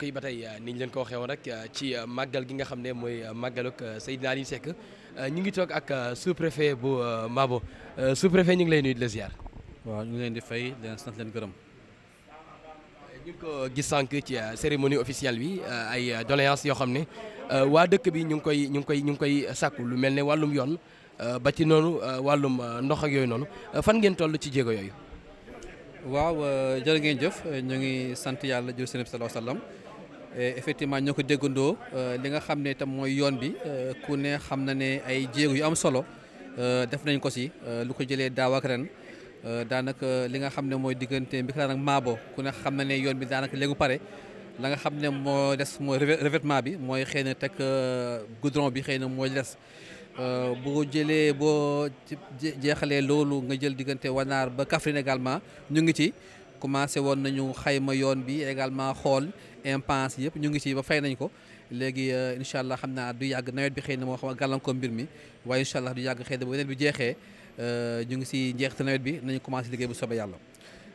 mbokk ba tey euh, ni leen ko waxee woon rek euh, ci euh, màggal gi nga xam ne mooy màggalug Seydina Aliou Seck ñu ngi toog ak sous-préfet bu Mabo sous-préfet ñu ngi lay nuyu di la ñu ngi leen di fay di leen sant leen gërëm. ñu ngi ko gis sànq ci cérémonie officielle bi ay doléances yoo xam ne waa dëkk bi ñu ngi koy ñu ngi koy ñu ngi koy sàkku lu mel ne wàllum yoon ba ci noonu wàllum ndox ak yooyu noonu fan ngeen toll ci jéego yooyu. waaw jërë ngeen jëf ñu ngi sant yàlla jërëjëf sallallahu alayhi wa Eh, effectivement ñoo ko déggandoo euh, li nga xam ne itam mooy yoon bi euh, ku ne xam na ne ay jéego yu am solo euh, def nañ ko si lu ko jëlee daaw ren daanaka li nga xam ne mooy diggante Mbickitaan ak Maabo ku ne xam na ne yoon bi daanaka léegu pare la nga xam ne moo des mooy revêtement bi mooy xëy na teg goudron bi xëy na mooy des boo jëlee boo jeexalee loolu nga jël diggante Wanaar ba Kaffrine également ñu ngi ci. commencé woon nañu xayma yoon bi également xool impasse yëpp ñu ngi ci ba fay nañ ko léegi euh, incha allah xam naa du yàgg nawet bi xëy na moo xam gàllankoor mbir mi waaye incha allah du yàgg xëy na bu nawet bi jeexee euh, ñu ngi ci njeexte nawet bi nañu commencé liggéey bu soobee yàlla.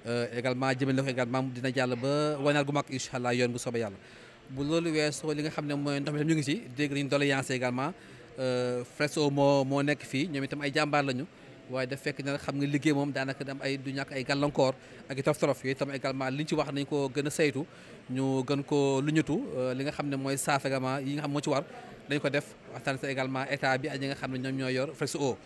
Euh, également jëmale ko également dina jàll ba wanaal gu mag incha allah yoon bu soobee yàlla bu loolu soo li nga xam ne mooy ndox mi tam ñu ngi ci dégg nañu doléance également Fresco moo moo nekk fii ñoom itam ay jàmbaar lañu. waaye daf fekk na xam nga liggéey moom daanaka dam ay du ñàkk ay gàllankoor ak itam torof yooyu itam également li ñu ci wax nañ ko gën a saytu ñu gën ko luñatu euh, li nga xam ne mooy saaf également yi nga xam moo ci war dañ ko def waxtaan sa également état bi nga xam ne ñoom ñooy yor Flexo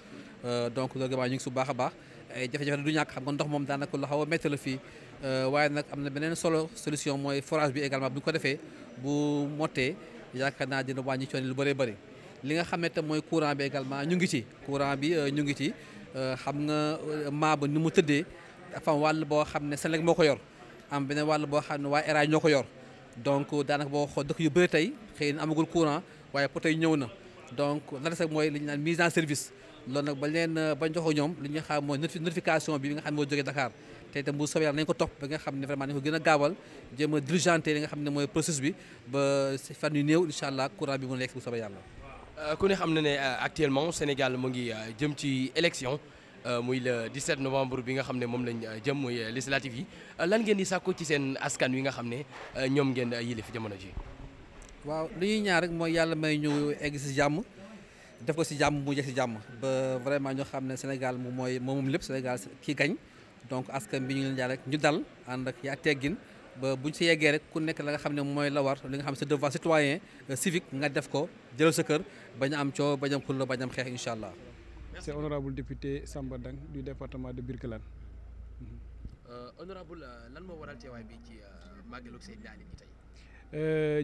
euh, donc loolu également ñu ngi su baax a baax ay jafe-jafe du ñàkk xam nga ndox moom daanaka lu xaw a métti la fii euh, waaye nag am na beneen solo solution mooy forage bi également bu ñu ko defee bu mottee yaakaar naa dina wàññi coono lu bëree bëri li nga xam ne tam mooy courant bi également ñu ngi ci courant bi ñu ngi ci Euh, xam nga euh, maa ba ni mu tëddee dafa am wàll boo xam ne Senelec moo ko yor am beneen wàll boo xam ne waa ERA ñoo ko yor donc daanaka boo xool dëkk yu bëri tey xëy na amagul courant waaye poto ñëw na donc la mooy li ñu naan mise en service loolu nag bañ leen euh, bañ joxo ñoom li ñu xam mooy notification bi nga xam ne moo jógee Dakar te itam bu soobee yàlla nañ ko topp ba nga xam ne vraiment nañ ko gën a gaawal jéem a diligenté li nga xam ne mooy processus bi ba fan yu néew incha allah courant bi mu nekk Euh, ku ne xam na ne euh, actuellement Sénégal mu ngi euh, jëm ci élection muy le 17 novembre bi nga xam ne moom lañ jëm muy législative yi lan ngeen di sàkku ci seen askan wi nga xam ne ñoom ngeen yilif jamono ji waaw lu ñuy ñaar rek mooy yàlla may ñëw egg si jàmm def ko si jàmm mu jeex si jàmm ba vraiment ñoo xam ne Sénégal moom mooy moom lépp Sénégal kii gañ donc askan bi ñu leen jaar rek ñu dal ànd ak yaa teggin ba bu ñu si yeggee rek ku nekk la nga xam ne mooy la war li nga xam ne sa devoir citoyen euh, civique nga def ko jëlal sa kër bañ am coow bañ am xullo bañ xeex incha allah. c'est honorable député Samba Dang du département de Birkelane. Euh, honorable euh, lan moo waral teewaay bi ci màggalu Seydina Aliou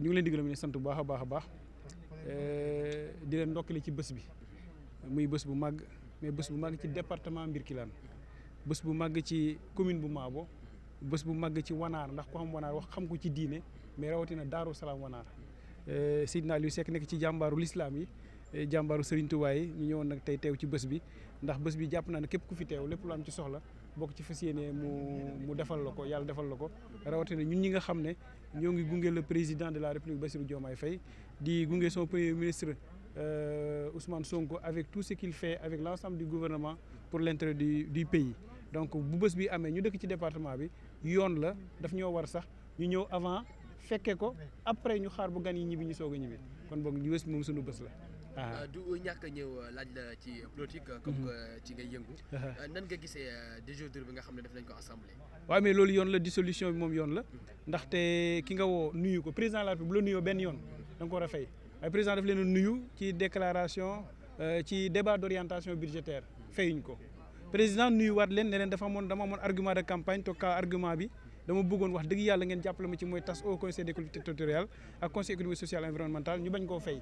ñu ngi leen di gërëm sant bu baax a baax a baax di leen ndokkale ci bés bi muy bés bu màgg mais bës bu màgg ci département Birkelane bës bu màgg ci commune bu Maabo bës bu màgg ci wanaar ndax ko xam wanaar wax xam ko ci diine mais rawatina daaru salaam wanaar eh, Seydina Aliou Seck nekk ci jàmbaaru lislaam yi eh, jàmbaaru Serigne ñu ñëwoon nag tey teew ci bés bi ndax bés bi jàpp naa ne képp ku fi teew lépp lu ci soxla bokk ci fas yéene mu mu defal la ko yàlla defal la ko rawatina ñun ñi nga xam ne ñoo ngi gunge le président de la république Bassirou Diomaye Faye di gunge son premier ministre euh, Ousmane Sonko avec tout ce qu'il fait avec l'ensemble du gouvernement pour l'intérêt du du pays donc bu bës bi amee ñu dëkk ci département bi yoon la daf ñoo war sax ñu ñëw avant fekkee ko après ñu xaar bu gan yi ñibbi ñu soog a ñibbi kon boog ñu wés moom suñu bës la. Ah. Ah. ah du ñàkk ñëw euh, laaj la ci politique. Euh, comme mhm. que ci ngay yëngu. Ah. Euh, nan nga gisee déjeuner bi nga xam ne daf nañ ko assemblée. waaw mais loolu yoon la dissolution bi moom yoon la ndaxte ki nga woo nuyu ko président de la République bu la nuyoo benn yoon da nga ko war a fay waaye président daf leen a nuyu ci déclaration ci débat d' orientation ko. président nuyuwaat leen ne leen dafa amoon dama amoon argument de campagne tokka argument bi dama bëggoon wax dëgg yàlla ngeen jàppale ma ci mooy tas au conseil des collectivités territoriales ak conseil économique social environnemental ñu bañ koo fay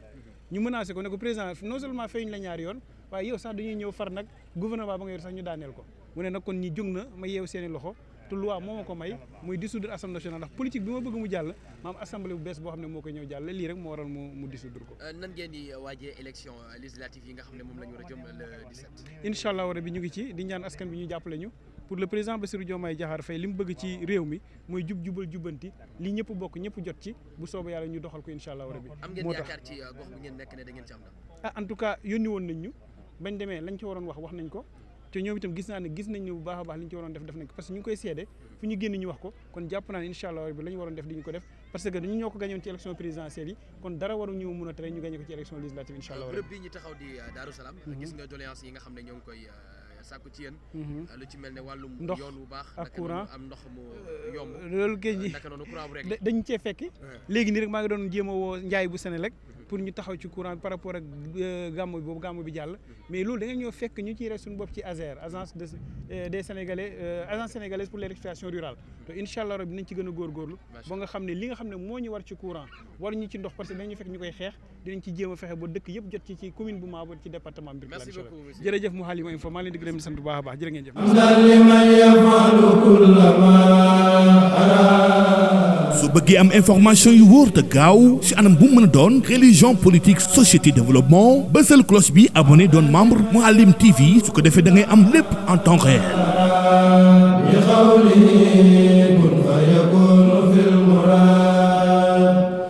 ñu menacé ko ne ko président non seulement fayuñ la ñaari yoon waaye yow sax dañuy ñëw far nag gouvernement ba nga yor sax ñu daaneel ko mu ne nag kon ñi jóg na ma yeew seeni loxo te loi moo ma ko may muy dissoudre assemblée a ndax politique bi ma bëgg mu jàll ma am bu bees boo xam ne moo koy ñëw jàll lii rek moo waral mu mu ko. nan ngeen di la ñu a jëm le 17. incha allah rabi ñu ngi ci di ñaan askan bi ñu jàppale ñu pour le président Bassirou Diomaye Diakhar Faye li mu bëgg ci réew mi mooy jub jubal jubbanti li ñëpp bokk ñëpp jot ci bu soobee yàlla ñu doxal ko incha allah rabi. moo tax am ngeen yaakaar ci gox bi ngeen nekk ne da ci am ah wax wax ko te ñoom itam gis naa ne gis nañ ne bu baax a baax li ñu ci waroon def def nañ ko parce que ñu ngi koy seede fu ñu génn ñu wax ko kon jàpp naa ne incha allah rabbi la ñu waroon def di ñu ko def parce que dañu ci a mel ne wàllum yoon ak courant am ndox mu yomb loolu géej gi dañ cee fekk léegi nii rek maa ngi doon jéem a woo njaay bu Senelec mhm. pour ñu taxaw ci courant bi par rapport ak euh, gàmmu bi boobu gàmmu bi jàll mm-hmm. mais loolu da ñoo fekk ñu ciy rek suñu bopp ci ASER agence de euh, des sénégalais euh, agence pour l'électrification rurale mm-hmm. te incha allah rabbi ci gën a góorgóorlu ba nga xam ne li nga xam ne moo ñu war ci courant war ñu ci ndox parce que dinañu fekk ñu koy xeex dinañ ci jéem a fexe ba dëkk yëpp jot ci commune bu Maabo ci département Birkelane maa leen di baax a baax jërë ngeen jëf a vision politique société développement bësal cloche bi abonné doon membre Mouhalim TV su ko defee da ngay am lépp en temps réel